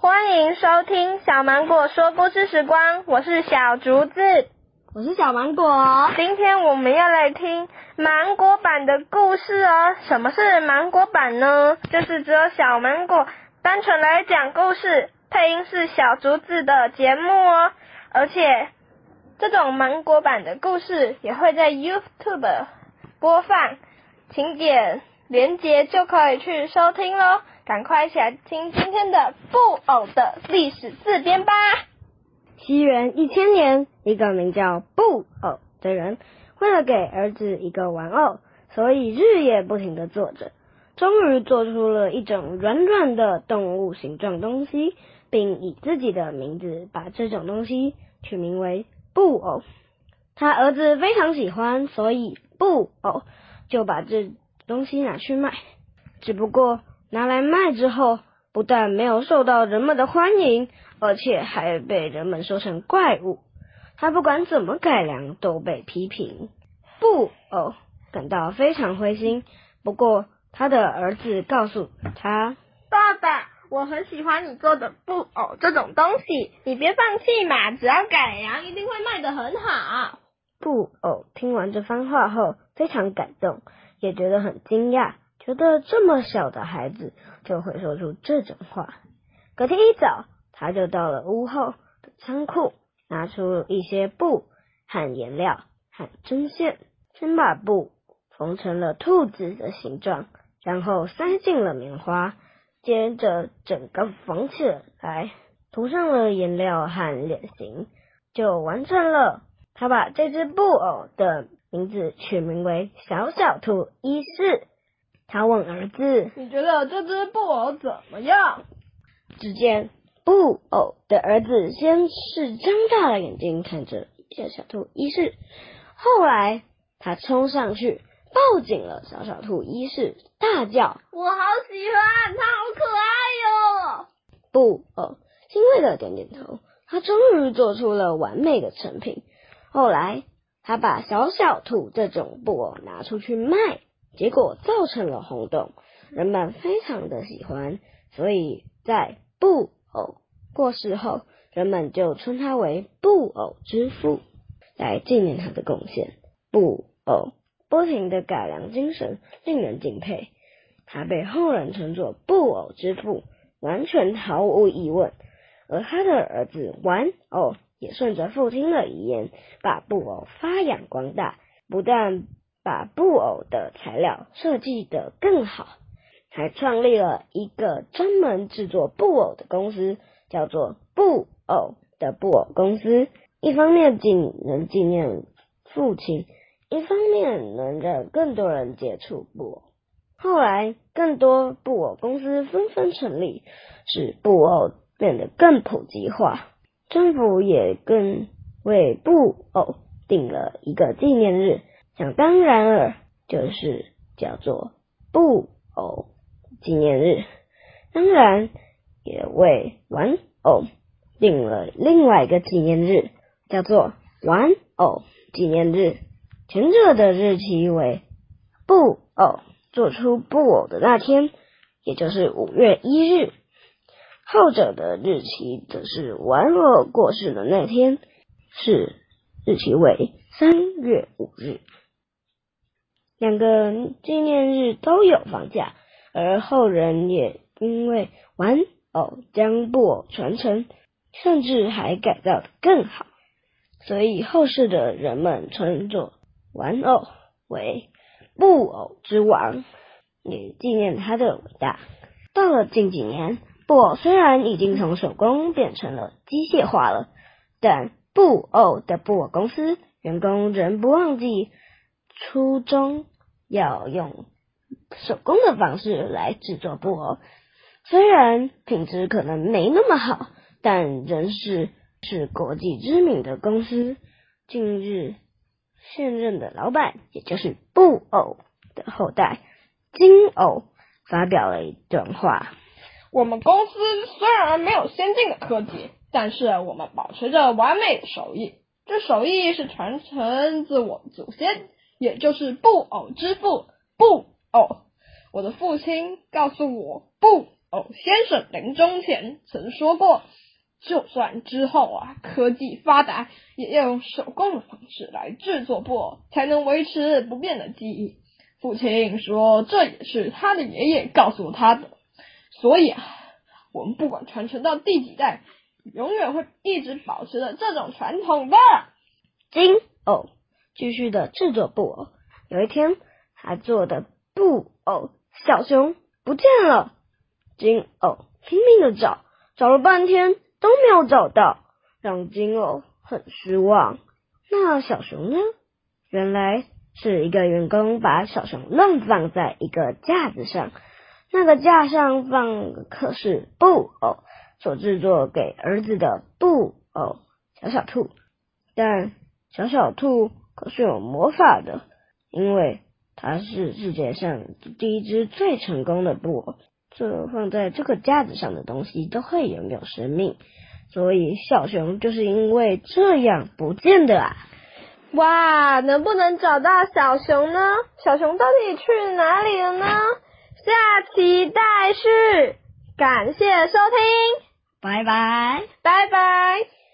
歡迎收聽小芒果說故事時光，我是小竹子，我是小芒果，哦。今天我們要來聽芒果版的故事哦。什麼是芒果版呢？就是只有小芒果單純來講故事，配音是小竹子的節目哦。而且這種芒果版的故事也會在 YouTube 播放，請點連結就可以去收聽嘍。趕快一起來聽今天的布偶的歷史自編吧。西元一千年，一個名叫布偶的人，為了給兒子一個玩偶，所以日夜不停地做着，終於做出了一種軟軟的動物形狀東西，並以自己的名字把這種東西取名為布偶。他兒子非常喜歡，所以布偶就把這東西拿去賣，只不過。拿來賣之後，不但沒有受到人們的歡迎，而且還被人們說成怪物。他不管怎麼改良，都被批評。布偶感到非常灰心。不過，他的兒子告訴他：“爸爸，我很喜歡你做的布偶這種東西，你別放棄嘛，只要改良，一定會賣得很好。”布偶聽完這番話後，非常感動，也覺得很驚訝。覺得這麼小的孩子就會說出這種話。隔天一早，他就到了屋後的倉庫，拿出一些布、和顏料、和針線，先把布縫成了兔子的形狀，然後塞進了棉花，接着整個縫起來，塗上了顏料和臉型，就完成了。他把這隻布偶的名字取名為“小小兔一世”。他問兒子：“你覺得這隻布偶怎麼樣？”只見布偶的兒子先是睜大了眼睛看着小小兔一世，後來他衝上去抱緊了小小兔一世，大叫：“我好喜歡，它好可愛喲、哦！”布偶、哦、欣慰的點點頭，他終於做出了完美的成品。後來，他把小小兔這種布偶拿出去賣。結果造成了轟動，人們非常的喜歡，所以在布偶過世後，人們就稱他為布偶之父，來紀念他的貢獻。布偶不停的改良精神，令人敬佩，他被後人稱作布偶之父，完全毫無疑問。而他的兒子玩偶、哦、也順着父親的遺言，把布偶發揚光大，不但，把布偶的材料設計得更好，還創立了一個專門製作布偶的公司，叫做布偶的布偶公司。一方面，既能紀念父親，一方面能讓更多人接觸布偶。後來，更多布偶公司紛紛成立，使布偶變得更普及化。政府也更為布偶定了一個紀念日。想當然耳就是叫做布偶紀念日。當然，也為玩偶定了另外一個紀念日，叫做玩偶紀念日。前者的日期為布偶做出布偶的那天，也就是五月一日；後者的日期則是玩偶過世的那天，是日期為三月五日。兩個紀念日都有放假，而後人也因為玩偶將布偶傳承，甚至還改造得更好，所以後世的人們稱作玩偶為布偶之王，以紀念他的偉大。到了近幾年，布偶雖然已經從手工變成了機械化了，但布偶的布偶公司員工仍不忘記。初衷要用手工的方式來製作布偶，雖然品質可能沒那麼好，但仍是是國際知名的公司。近日，現任的老闆，也就是布偶的後代金偶，發表了一段話：“我們公司雖然沒有先進的科技，但是我們保持着完美的手藝，這手藝是傳承自我祖先。”也就是布偶之父布偶，我的父親告訴我，布偶先生臨終前曾說過，就算之後啊科技發達，也要用手工的方式來製作布偶，才能維持不變的記憶。父親說，這也是他的爺爺告訴他的，所以啊，我們不管傳承到第幾代，永遠會一直保持着這種傳統的金偶。嗯，哦。繼續的製作布偶。有一天，他做的布偶小熊不見了，金偶拼命的找，找了半天都沒有找到，讓金偶很失望。那小熊呢？原來是一個員工把小熊亂放在一個架子上，那個架上放的可是布偶，所製作給兒子的布偶小小兔，但小小兔。可是有魔法的，因為它是世界上第一隻最成功的布偶。這放在這個架子上的東西都會擁有，有生命，所以小熊就是因為這樣不見的啊！哇，能不能找到小熊呢？小熊到底去哪裡了呢？下期待續，感謝收聽，拜拜，拜拜。